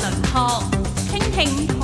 輪廓傾聽。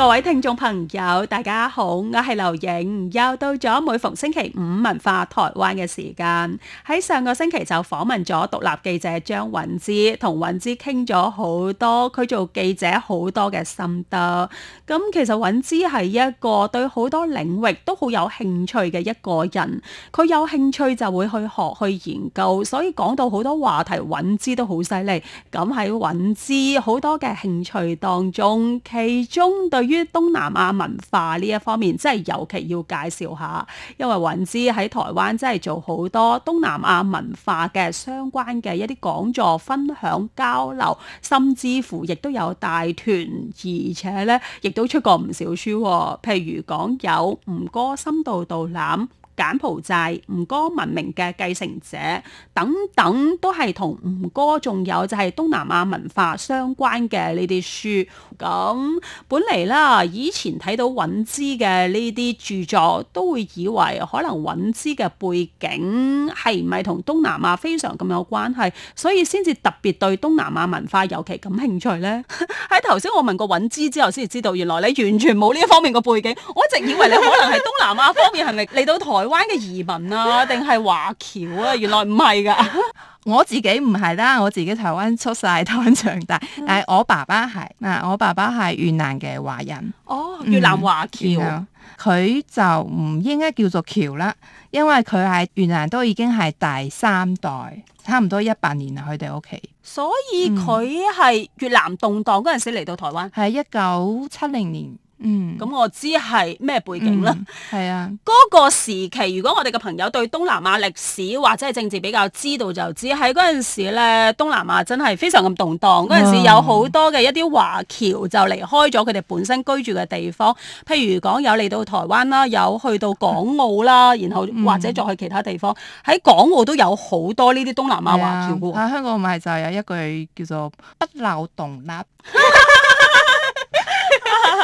各位聽眾朋友，大家好，我係劉影，又到咗每逢星期五文化台灣嘅時間，喺上個星期就訪問咗獨立記者張韻芝，同韻芝傾咗好多，佢做記者好多嘅心得。咁其實韻芝係一個對好多領域都好有興趣嘅一個人，佢有興趣就會去學去研究，所以講到好多話題韻芝都好犀利。咁喺韻芝好多嘅興趣當中，其中對於東南亞文化呢一方面，真係尤其要介紹下，因為韻之喺台灣真係做好多東南亞文化嘅相關嘅一啲講座、分享、交流，甚至乎亦都有大團，而且呢亦都出過唔少書、哦，譬如講有《吳哥深度導覽》。柬埔寨吳哥文明嘅繼承者等等，都係同吳哥仲有就係東南亞文化相關嘅呢啲書，咁本嚟啦，以前睇到尹姿嘅呢啲著作，都會以為可能尹姿嘅背景係唔係同東南亞非常咁有關係，所以先至特別對東南亞文化尤其感興趣咧。喺頭先我問過尹姿之後先至知道原來你完全冇呢一方面嘅背景，我一直以為你可能係東南亞方面，係咪嚟到台？ 台灣嘅移民啊，定係華僑啊？原來唔係噶， 我自己唔係啦，我自己台灣出世，台灣長大。但係我爸爸係嗱，我爸爸係越南嘅華人。哦，越南華僑，佢、嗯、就唔應該叫做僑啦，因為佢係越南都已經係第三代，差唔多一百年啦。佢哋屋企，所以佢係越南動盪嗰陣時嚟到台灣，係一九七零年。嗯，咁、嗯、我知係咩背景啦、嗯。係啊，嗰個時期，如果我哋嘅朋友對東南亞歷史或者係政治比較知道，就知喺嗰陣時咧，東南亞真係非常咁動盪。嗰陣時有好多嘅一啲華僑就離開咗佢哋本身居住嘅地方，譬如講有嚟到台灣啦，有去到港澳啦，嗯、然後或者再去其他地方。喺、嗯、港澳都有好多呢啲東南亞華僑喺、啊啊、香港咪就有一句叫做北漏洞拉」。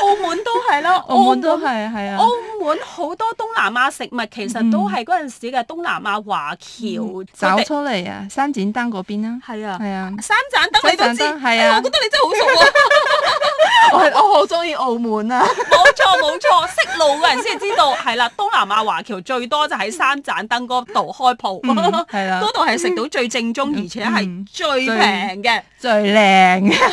澳門都係咯，澳門都係，係啊！澳門好多東南亞食物，其實都係嗰陣時嘅東南亞華僑走出嚟啊，三盞燈嗰邊啦，係啊，係啊，三盞燈你都知，係啊，我覺得你真係好熟啊！我我好中意澳門啊，冇錯冇錯，識路嘅人先知道係啦。東南亞華僑最多就喺三盞燈嗰度開鋪，係啦，嗰度係食到最正宗，而且係最平嘅，最靚嘅，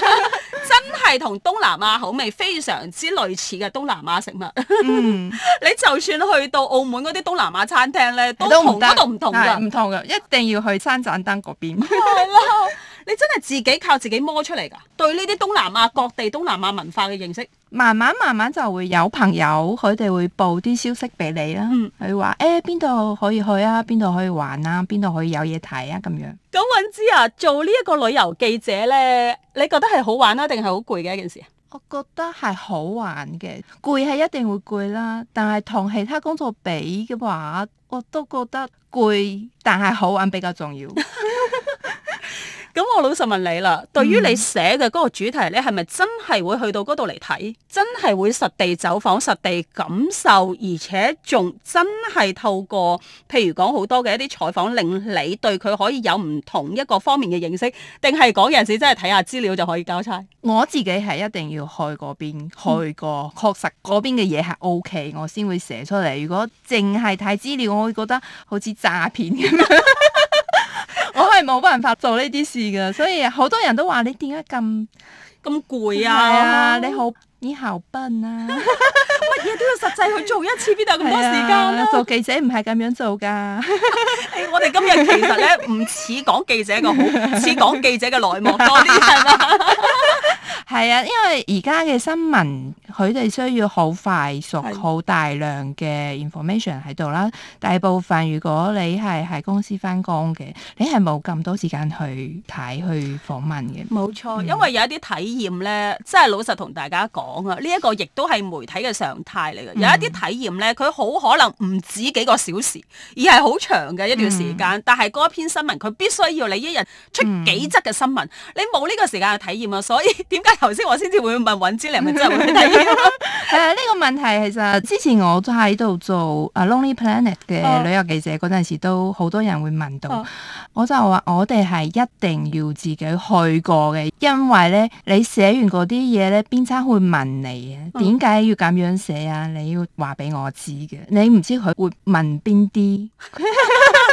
真係同東南亞口味非非常之類似嘅東南亞食物、嗯， 你就算去到澳門嗰啲東南亞餐廳咧，都同嗰度唔同嘅。唔同噶，一定要去三盞燈嗰邊。係咯，你真係自己靠自己摸出嚟噶。對呢啲東南亞各地東南亞文化嘅認識，慢慢慢慢就會有朋友佢哋會報啲消息俾你啦。佢話誒邊度可以去啊，邊度可以玩啊，邊度可以有嘢睇啊，咁樣。咁韻之啊，做呢一個旅遊記者咧，你覺得係好玩啊，定係好攰嘅一件事？我覺得係好玩嘅，攰係一定會攰啦，但係同其他工作比嘅話，我都覺得攰，但係好玩比較重要。 咁我老實問你啦，對於你寫嘅嗰個主題咧，係咪真係會去到嗰度嚟睇，真係會實地走訪、實地感受，而且仲真係透過譬如講好多嘅一啲採訪，令你對佢可以有唔同一個方面嘅認識，定係講嘢時真係睇下資料就可以交差？我自己係一定要去嗰邊去過，嗯、確實嗰邊嘅嘢係 OK，我先會寫出嚟。如果淨係睇資料，我會覺得好似詐騙咁樣。 我係冇辦法做呢啲事㗎，所以好多人都話你點解咁咁攰啊？係啊，你好你好笨啊！乜 嘢 都要實際去做一次，邊度有咁多時間咧、啊？ 做記者唔係咁樣做噶、 哎，我哋今日其實咧唔似講記者嘅好，似講記者嘅內幕多啲啦，係嘛？係 啊，因為而家嘅新聞。佢哋需要好快熟、好是大量嘅 information 喺度啦。大部分如果你係喺公司翻工嘅，你係冇咁多時間去睇、去訪問嘅。冇錯錯，嗯、因為有一啲體驗呢，真係老實同大家講啊。呢、這、一個亦都係媒體嘅常態嚟嘅。嗯、有一啲體驗呢，佢好可能唔止幾個小時，而係好長嘅一段時間。嗯、但係嗰一篇新聞，佢必須要你一日出幾則嘅新聞，嗯、你冇呢個時間去體驗啊。所以點解頭先我先至會問問你，唔知係咪？ 誒，呢 個問題其實之前我都喺度做《啊 Lonely Planet》嘅旅遊記者嗰陣、哦、時，都好多人會問到。哦、我就話我哋係一定要自己去過嘅，因為咧你寫完嗰啲嘢咧，編輯會問你啊，點解、哦、要咁樣寫啊？你要話俾我知嘅，你唔知佢會問邊啲。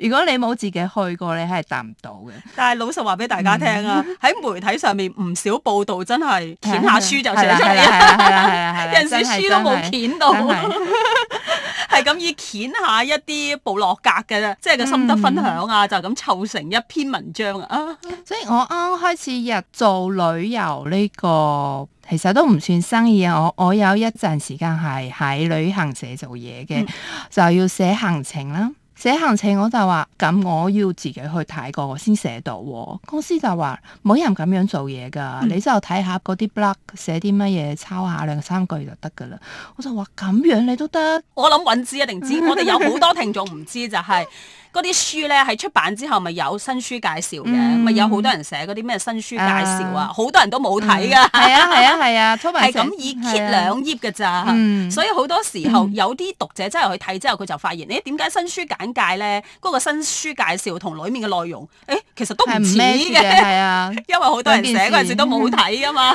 如果你冇自己去過，你係答唔到嘅。但係老實話俾大家聽啊，喺、嗯、媒體上面唔少報道真係掀下書就寫出嚟，有陣時書都冇掀到，係咁以掀下一啲部落格嘅，即係個心得分享啊，就咁湊成一篇文章啊。所以我啱啱開始日做旅遊呢、這個，其實都唔算生意啊。我我有一陣時間係喺旅行社做嘢嘅，嗯、就要寫行程啦。寫行程我就話：咁我要自己去睇過，我先寫到。公司就話冇人咁樣做嘢㗎，嗯、你就睇下嗰啲 blog 寫啲乜嘢，抄下兩三句就得㗎啦。我就話：咁樣你都得？我諗揾知一定知， 我哋有好多聽眾唔知就係、是。 嗰啲書咧，喺出版之後咪有新書介紹嘅，咪有好多人寫嗰啲咩新書介紹啊，好多人都冇睇噶。係啊係啊係啊，係咁以揭兩頁噶咋，所以好多時候有啲讀者真係去睇之後，佢就發現，誒點解新書簡介咧嗰個新書介紹同裡面嘅內容，誒其實都唔似嘅，因為好多人寫嗰陣時都冇睇噶嘛。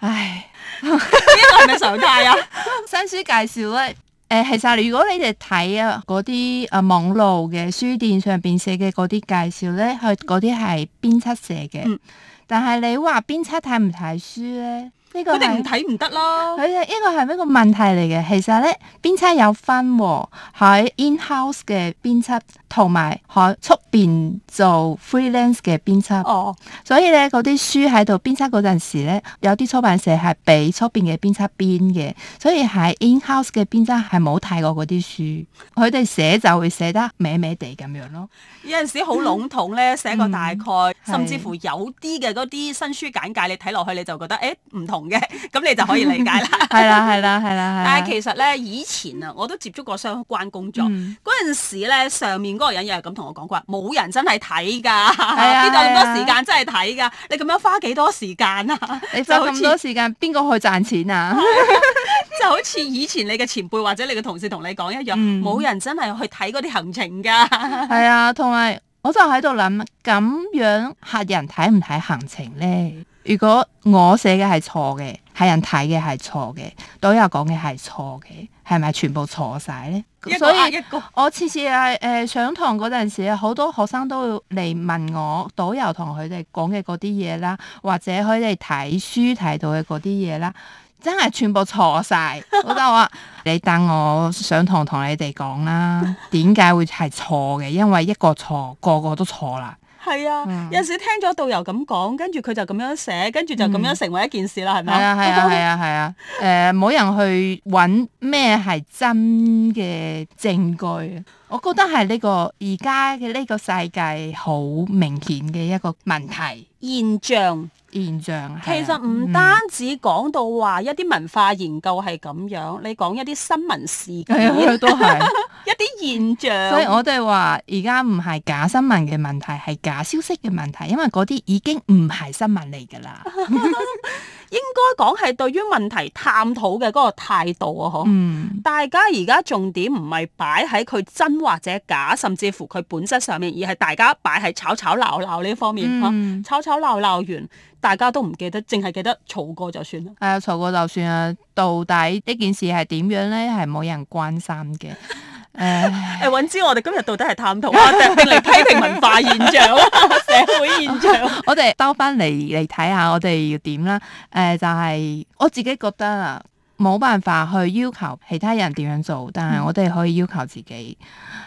唉，呢個係咪常態啊？新書介紹咧。誒，其實如果你哋睇啊嗰啲誒網路嘅書店上邊寫嘅嗰啲介紹咧，佢嗰啲係編輯寫嘅。嗯、但係你話編輯睇唔睇書咧？佢哋唔睇唔得咯。佢哋呢個係一個問題嚟嘅。其實咧，編輯有分喎，喺 in-house 嘅編輯同埋喺出邊做 freelance 嘅編輯哦。所以咧啲書喺度編輯陣時咧，有啲出版社係俾出邊嘅編輯編嘅，所以喺 in-house 嘅編輯係冇睇過啲書，佢哋寫就會寫得歪歪地咁樣咯。有陣時好籠統咧，寫個大概，嗯、甚至乎有啲嘅啲新書簡介，你睇落去你就覺得誒唔同。嘅，咁你就可以理解啦。係啦、啊，係啦、啊，係啦、啊。啊、 但係其實咧，以前啊，我都接觸過相關工作。嗰陣、嗯、時咧，上面嗰個人又係咁同我講過，冇人真係睇㗎。邊度咁多時間真係睇㗎？你咁樣花幾多時間啊？啊你花咁多時間，邊個 去賺錢啊？就好似以前你嘅前輩或者你嘅同事同你講一樣，冇、嗯、人真係去睇嗰啲行程㗎。係 啊，同埋我就喺度諗，咁樣客人睇唔睇行程咧？如果我寫嘅係錯嘅，係人睇嘅係錯嘅，導遊講嘅係錯嘅，係咪全部錯晒咧？個所以個我次次係誒、呃、上堂嗰陣時，好多學生都會嚟問我導遊同佢哋講嘅嗰啲嘢啦，或者佢哋睇書睇到嘅嗰啲嘢啦，真係全部錯晒。 我就話：你等我上堂同你哋講啦，點解會係錯嘅？因為一個錯，個個都錯啦。係啊，有時聽咗導遊咁講，跟住佢就咁樣寫，跟住就咁樣成為一件事啦，係咪，嗯？係啊係啊係啊，誒冇、啊啊啊 呃、人去揾咩係真嘅證據，我覺得係呢、呢個而家嘅呢個世界好明顯嘅一個問題現象。現象其實唔單止講到話一啲文化研究係咁樣，嗯、你講一啲新聞事件都係 一啲現象。 所以我哋話而家唔係假新聞嘅問題，係假消息嘅問題，因為嗰啲已經唔係新聞嚟㗎啦。 應該講係對於問題探討嘅嗰個態度啊，嗬、嗯！大家而家重點唔係擺喺佢真或者假，甚至乎佢本質上面，而係大家擺喺吵吵鬧鬧呢方面嚇。吵吵鬧鬧完，大家都唔記得，淨係記得吵過就算啦。誒、哎，吵過就算啊！到底呢件事係點樣呢？係冇人關心嘅。 誒，誒、 哎，尹、嗯、之，嗯、我哋今日到底係探討啊，定嚟批評文化現象、 社會現象？我哋兜翻嚟嚟睇下，我哋要點啦？誒、哎，就係、是、我自己覺得啊，冇辦法去要求其他人點樣做，但係我哋可以要求自己。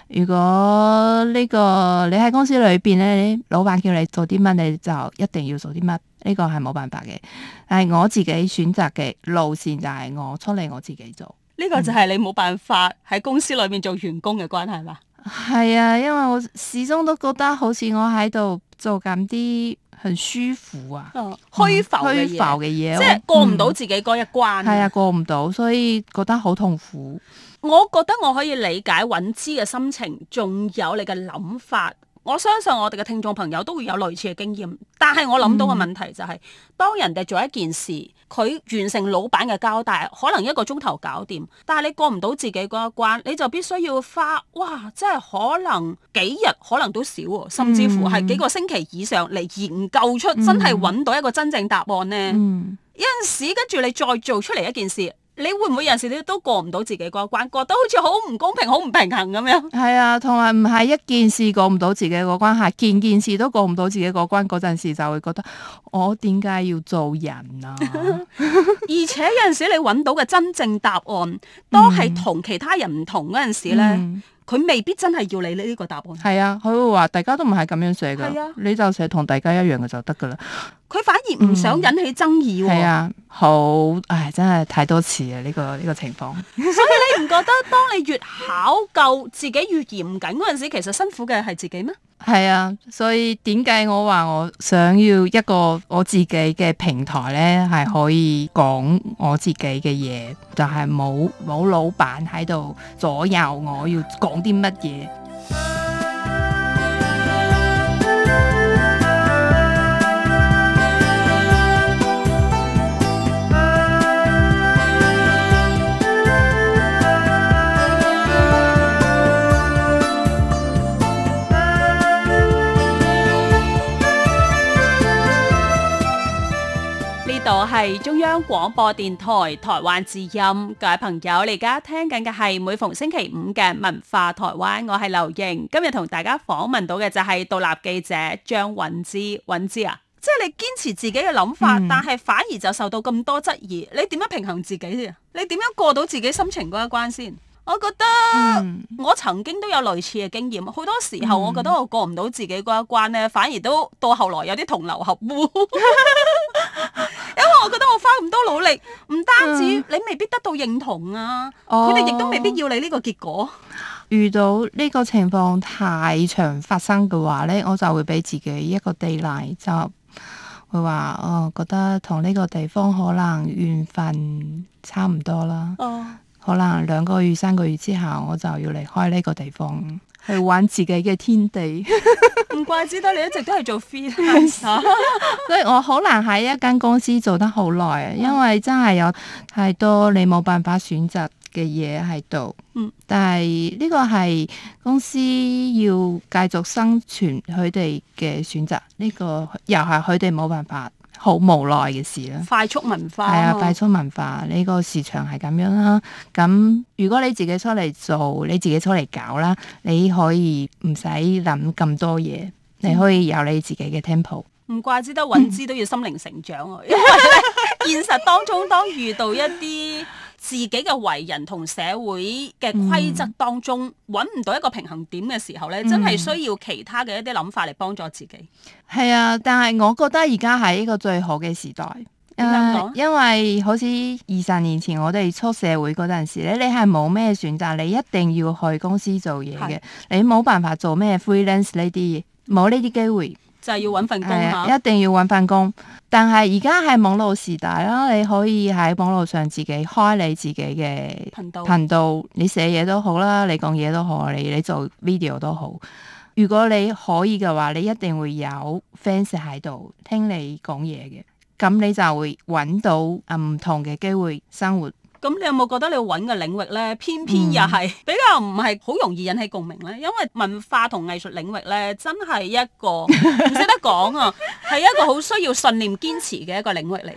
如果呢個你喺公司裏邊咧，老闆叫你做啲乜，你就一定要做啲乜。呢、這個係冇辦法嘅。但係我自己選擇嘅路線就係我出嚟我自己做。呢個就係你冇辦法喺公司裏面做員工嘅關係嘛？係、嗯、啊，因為我始終都覺得好似我喺度做緊啲很舒服啊，哦、虛浮嘅嘢，嗯、即係過唔到自己嗰一關、啊。係、嗯、啊，過唔到，所以覺得好痛苦。我覺得我可以理解揾資嘅心情，仲有你嘅諗法。我相信我哋嘅聽眾朋友都會有類似嘅經驗，但係我諗到嘅問題就係、是嗯、當人哋做一件事，佢完成老闆嘅交代，可能一個鐘頭搞掂，但係你過唔到自己嗰一關你就必須要花，哇！即係可能幾日，可能都少，甚至乎係幾個星期以上嚟，研究出真係揾到一個真正答案咧。有陣、嗯、時跟住你再做出嚟一件事。你會唔會有陣時你都過唔到自己個關，覺得好似好唔公平，好唔平衡咁樣？係啊，同埋唔係一件事過唔到自己個關，係件件事都過唔到自己個關嗰陣時，就會覺得我點解要做人啊？而且有陣時你揾到嘅真正答案，都係同其他人唔同嗰陣時咧。 嗯嗯佢未必真係要你呢呢個答案。係啊，佢會話大家都唔係咁樣寫噶，啊、你就寫同大家一樣嘅就得噶啦。佢反而唔想引起爭議。係、嗯、啊，好，唉，真係太多次啊！呢、這個呢、這個情況， 所以你唔覺得當你越考究自己越嚴謹嗰陣時，其實辛苦嘅係自己咩？係啊，所以點解我話我想要一個我自己嘅平台咧，係可以講我自己嘅嘢，就係冇冇老闆喺度左右我要講啲乜嘢。係中央廣播電台台灣之音。各位朋友，你而家聽緊嘅係每逢星期五嘅文化台灣，我係劉瑩，今日同大家訪問到嘅就係獨立記者張允芝。允芝啊，即係你堅持自己嘅諗法，嗯、但係反而就受到咁多質疑，你點樣平衡自己啊？你點樣過到自己心情嗰一關先？我覺得我曾經都有類似嘅經驗，好多時候我覺得我過唔到自己嗰一關咧，嗯、反而都到後來有啲同流合污 因為我覺得我花咁多努力，唔單止你未必得到認同啊，佢哋亦都未必要你呢個結果。遇到呢個情況太長發生嘅話咧，我就會俾自己一個 deadline，就會話哦，我覺得同呢個地方可能緣分差唔多啦。哦可能兩個月、三個月之後，我就要離開呢個地方， 去玩自己嘅天地。唔 怪之得你一直都係做 free， 所以我好難喺一間公司做得好耐，嗯、因為真係有太多你冇辦法選擇嘅嘢喺度。嗯、但係呢個係公司要繼續生存，佢哋嘅選擇呢、呢個又係佢哋冇辦法。好無奈嘅事啦，快速文化係啊，快速文化呢、啊、個市場係咁樣啦。咁如果你自己出嚟做，你自己出嚟搞啦，你可以唔使諗咁多嘢，嗯、你可以有你自己嘅 tempo。唔怪之得穩資都要心靈成長、啊，因、嗯、 現實當中當遇到一啲。自己嘅為人同社會嘅規則當中，揾唔、嗯、到一個平衡點嘅時候呢、嗯、真係需要其他嘅一啲諗法嚟幫助自己。係啊，但係我覺得而家係一個最好嘅時代，呃、因為好似二十年前我哋出社會嗰陣時，呢你係冇咩選擇，你一定要去公司做嘢嘅，是你冇辦法做咩 freelance 呢啲嘢，冇呢啲機會。就係要揾份工，啊，一定要揾份工。但係而家係網絡時代啦，你可以喺網絡上自己開你自己嘅頻道，頻道你寫嘢都好啦，你講嘢都好，你好你做 video 都好。如果你可以嘅話，你一定會有 fans 喺度聽你講嘢嘅，咁你就會揾到唔同嘅機會生活。咁你有冇覺得你揾嘅領域咧，偏偏又係、嗯、比較唔係好容易引起共鳴咧？因為文化同藝術領域咧，真係一個唔識得講啊，係 一個好需要信念堅持嘅一個領域嚟嘅。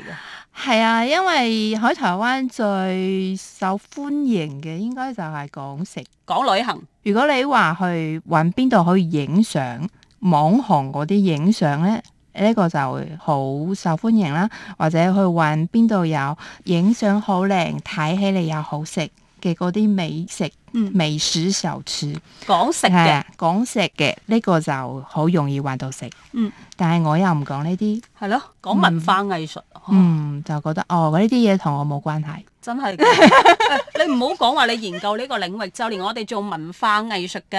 係啊，因為喺台灣最受歡迎嘅應該就係講食、講旅行。如果你話去揾邊度可以影相，網紅嗰啲影相咧？呢個就好受歡迎啦，或者去搵邊度有影相好靚、睇起嚟又好食嘅嗰啲美食，嗯、美食小廚、啊，講食嘅講食嘅呢個就好容易搵到食。嗯、但係我又唔講呢啲，係咯，講文化藝術。嗯、嗯，就覺得哦，呢啲嘢同我冇關係。真係㗎，你唔好講話你研究呢個領域，就連我哋做文化藝術嘅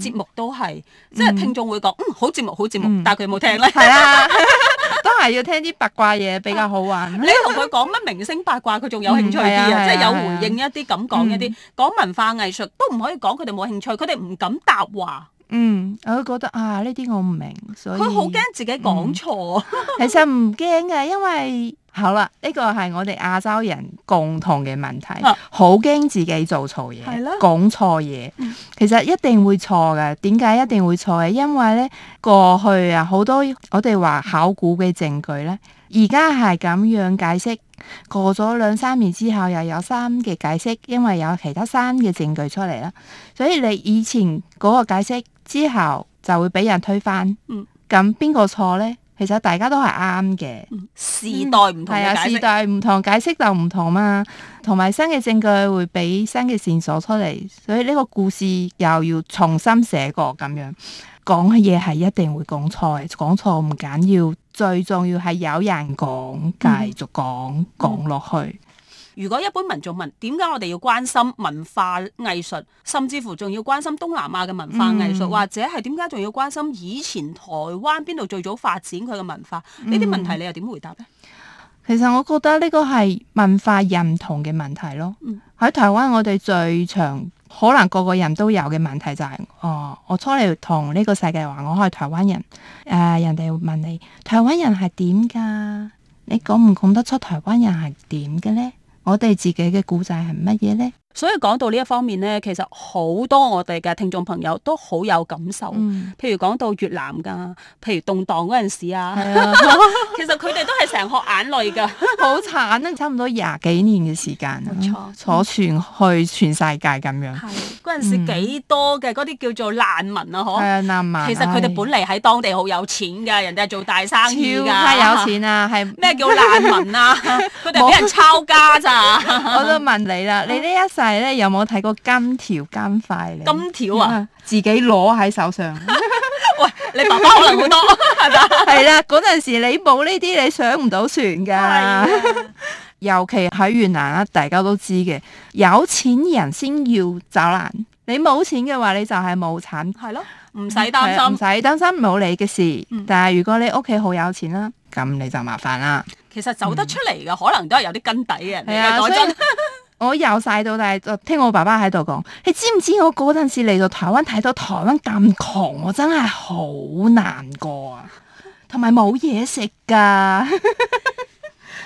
節目都係，即係聽眾會講，嗯，好節目，好節目，但係佢冇聽咧，係啊，都係要聽啲八卦嘢比較好玩。你同佢講乜明星八卦，佢仲有興趣啲啊，即係有回應一啲咁講一啲。講文化藝術都唔可以講佢哋冇興趣，佢哋唔敢答話。嗯，我都覺得啊，呢啲我唔明，所以佢好驚自己講錯。其實唔驚嘅，因為。好啦，呢、這個係我哋亞洲人共同嘅問題，好驚、啊、自己做錯嘢，的講錯嘢。嗯、其實一定會錯㗎，點解一定會錯嘅？因為呢，過去啊，好多我哋話考古嘅證據呢，而家係咁樣解釋，過咗兩三年之後又有新嘅解釋，因為有其他新嘅證據出嚟啦。所以你以前嗰個解釋之後就會俾人推翻。咁邊個錯呢？其實大家都係啱嘅，時代唔同，係、嗯、啊，時代唔同，解釋就唔同嘛、啊。同埋新嘅證據會俾新嘅線索出嚟，所以呢個故事又要重新寫過咁樣。講嘅嘢，係一定會講錯嘅，講錯唔緊要，最重要係有人講，繼續講，講落、嗯、去。如果一般民眾問點解我哋要關心文化藝術，甚至乎仲要關心東南亞嘅文化藝術，嗯、或者係點解仲要關心以前台灣邊度最早發展佢嘅文化呢啲、嗯、問題，你又點回答呢？其實我覺得呢個係文化認同嘅問題咯。喺、嗯、台灣，我哋最長可能個個人都有嘅問題就係、是、哦，我初嚟同呢個世界話我係台灣人。誒、呃，人哋問你台灣人係點㗎？你講唔講得出台灣人係點嘅呢？」我哋自己嘅古仔係乜嘢咧？所以講到呢一方面咧，其實好多我哋嘅聽眾朋友都好有感受。譬如講到越南噶，譬如動蕩嗰陣時啊，其實佢哋都係成殼眼淚噶，好慘啊，差唔多廿幾年嘅時間，坐坐船去全世界咁樣。嗰陣時幾多嘅嗰啲叫做難民啊？嗬，係啊，難民。其實佢哋本嚟喺當地好有錢噶，人哋係做大生意噶，超有錢啊，係咩叫難民啊？佢哋俾人抄家咋？我都問你啦，你呢一？但係咧，有冇睇過金條金塊咧？金條啊，自己攞喺手上。喂，你爸爸可能好多係咪？係啦，嗰陣時你冇呢啲，你上唔到船噶。係，尤其喺越南啦，大家都知嘅，有錢人先要走難。你冇錢嘅話，你就係冇產。係咯，唔使擔心，唔使擔心，冇你嘅事。但係如果你屋企好有錢啦，咁你就麻煩啦。其實走得出嚟嘅可能都係有啲根底嘅。係啊，所以。我由細到大就聽我爸爸喺度講，你知唔知我嗰陣時嚟到台灣，睇到台灣咁窮，我真係好難過啊，同埋冇嘢食㗎。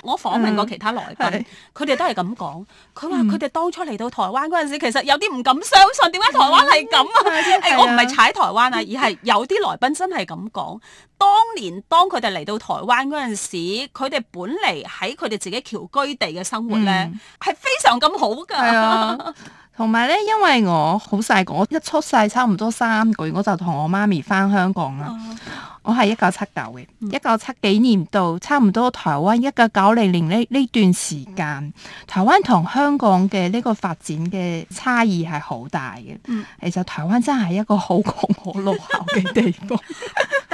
我訪問過其他來賓，佢哋、嗯、都係咁講。佢話佢哋當初嚟到台灣嗰陣時，嗯、其實有啲唔敢相信，點解台灣係咁啊？誒，我唔係踩台灣啊， 而係有啲來賓真係咁講。當年當佢哋嚟到台灣嗰陣時，佢哋本嚟喺佢哋自己僑居地嘅生活咧，係、嗯、非常咁好㗎。嗯 同埋咧，因為我好細個，我一出世差唔多三個月，我就同我媽咪返香港啦。嗯、我係一九七九嘅，一九七幾年到差唔多台灣一九九零年呢呢段時間，嗯、台灣同香港嘅呢個發展嘅差異係好大嘅。嗯、其實台灣真係一個好窮好落後嘅地方。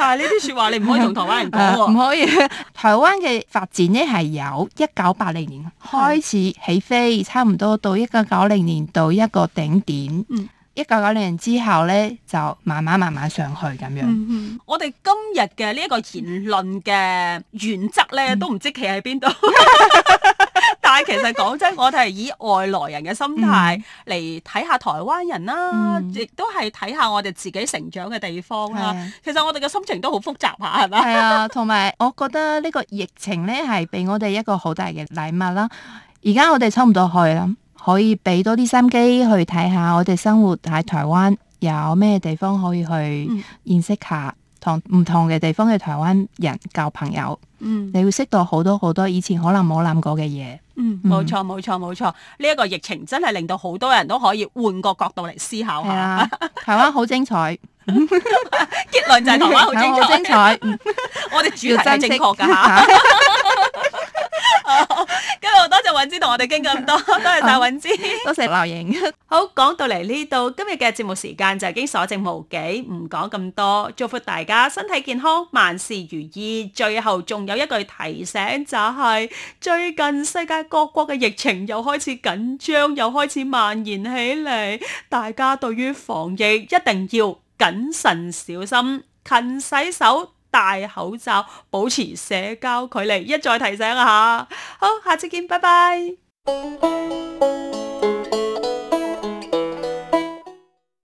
係呢啲説話，你唔可以同台灣人講喎、哦。唔、啊、可以。台灣嘅發展呢係由一九八零年是開始起飛，差唔多到一九九零年到一個頂點。一九九零年之後呢，就慢慢慢慢上去咁樣。嗯嗯、我哋今日嘅呢一個言論嘅原則呢，都唔知企喺邊度。嗯 但 其實講真，我哋係以外來人嘅心態嚟睇下台灣人啦、啊，亦、嗯、都係睇下我哋自己成長嘅地方啦、啊。嗯、其實我哋嘅心情都好複雜下，係咪？係、嗯、啊，同埋我覺得呢個疫情咧係俾我哋一個好大嘅禮物啦、啊。而家我哋抽唔到去啦，可以俾多啲心機去睇下我哋生活喺台灣有咩地方可以去認識下。嗯同唔同嘅地方嘅台灣人交朋友，嗯，你會識到好多好多以前可能冇諗過嘅嘢，嗯，冇錯冇錯冇錯，呢一個疫情真係令到好多人都可以換個角度嚟思考下，台灣好精彩， 結論就係台灣好精彩，精彩，我哋主要真係正確㗎。珍 尹之同我哋傾咁多，多謝戴尹之，多謝劉瑩。好，講到嚟，呢度，今日嘅節目時間就已經所剩無幾，唔講咁多，祝福大家身體健康，萬事如意。最後仲有一句提醒，就係最近世界各國嘅疫情又開始緊張，又開始蔓延起嚟，大家對於防疫一定要謹慎小心，勤洗手。戴口罩，保持社交距離，一再提醒下。好，下次見，拜拜。